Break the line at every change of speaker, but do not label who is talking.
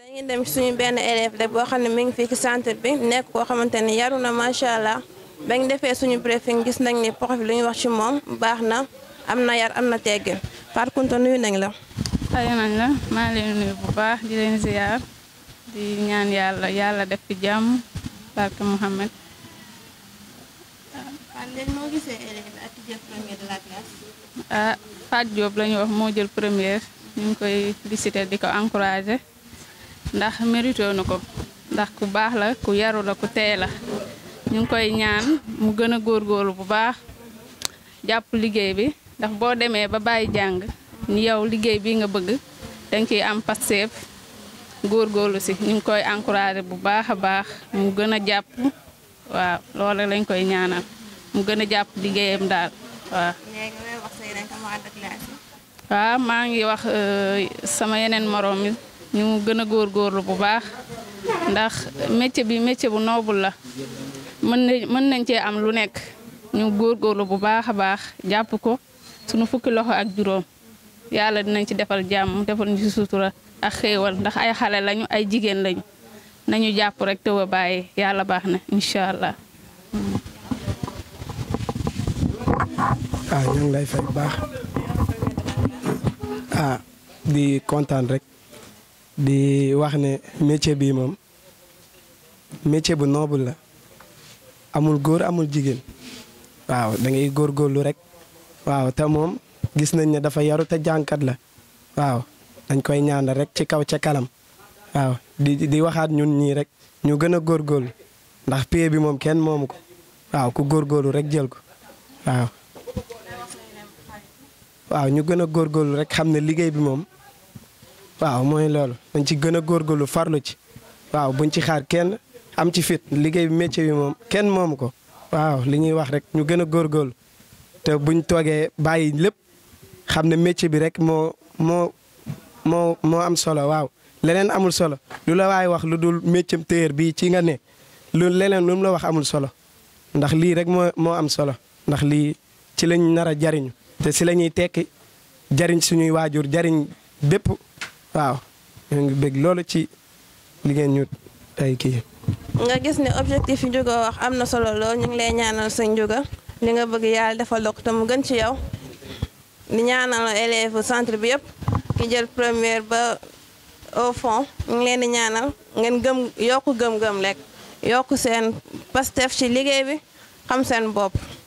dañuy dem suñu benn élève la boo xam ne mi ngi fii ci centre bi nekk koo xamante ne yaru na macha allah bañ defee suñu briefing gis nañ ni prof bi lu wax ci moom baax na am na yar am na
teggin Fatou Kounta nuyu nañ la. xëy nañ la maa ngi leen nuyu bu baax di leen ziar di ñaan yàlla yàlla def fi jàmm barke Mouhamed. ah Fatou Diop la ñu wax moo jël première ñu ngi koy visiter di ko encourager. ndax mérité na ko ndax ku baax la ku yaru la ku tey la ñu ngi koy ñaan mu gën a góorlu bu baax jàpp liggéey bi ndax boo demee ba bàyyi jàng ni yow liggéey bi nga bëgg danga ciy am pasteef góorgóorlu si ñu ngi koy encouragé bu baax a baax mu gën a jàpp waaw loole lañ koy ñaanal mu gën a jàpp liggéeyam daal waaw. maa ngi wax euh, sama yeneen morom yi ñu gën a góorlu bu baax ndax métier bi métier bu noble la mën nañ mën nañ cee am lu nekk ñu góor góorlu bu baax a baax jàpp ko sunu fukki loxo ak juróom yàlla dinañ ci defal jàmm defal ñu ci sutura ak xéewal ndax ay xale lañu ay jigéen lañu nañu jàpp rek te a bàyyi yàlla baax na incha allah.
ah ñu lay fay baax ah di kontaan rek. di wax ne métier bii moom métier bu noble la amul góor amul jigéen waaw dangay góor góorlu rek waaw te moom gis nañ ne dafa yaru te jànkat la waaw dañ koy ñaanal rek ci kaw ca kanam waaw di di waxaat ñun ñii rek ñu gën a góorlu ndax pay bi moom kenn moomu ko waaw ku góor góorlu rek jël ko waaw waaw ñu gën a góorlu rek xam ne liggéey bi moom waaw mooy loolu dañ ci gën a góorgóorlu farlu ci waaw buñ ci xaar kenn am ci fit liggéey bi métier bi moom kenn moomu ko waaw li ñuy wax rek ñu gën a góorlu te buñ toogee bàyyi lépp xam ne métier bi rek moo moo moo moo am solo waaw leneen amul solo lu la waaye wax lu dul métier téer bii ci nga ne lu leneen lu la wax amul solo ndax lii rek moo moo am solo ndax lii ci lañ nar a jariñu te si lañuy ñuy tekki jariñ suñuy waajur jariñ bépp waaw ñoo ngi bëgg loolu ci li ngeen ñu tey kii.
nga gis ne objectif yi Ndiouga wax am na solo lool ñu ngi lay ñaanal sa Ndiouga li nga bëgg yàlla defal la ko mu gën ci yow di ñaanal élèves centre bi yëpp ki jël première ba au fonds ñu ngi leen ñaanal ngeen gëm yokk gëm-gëm lekk yokk seen pastef ci liggéey bi xam seen bopp.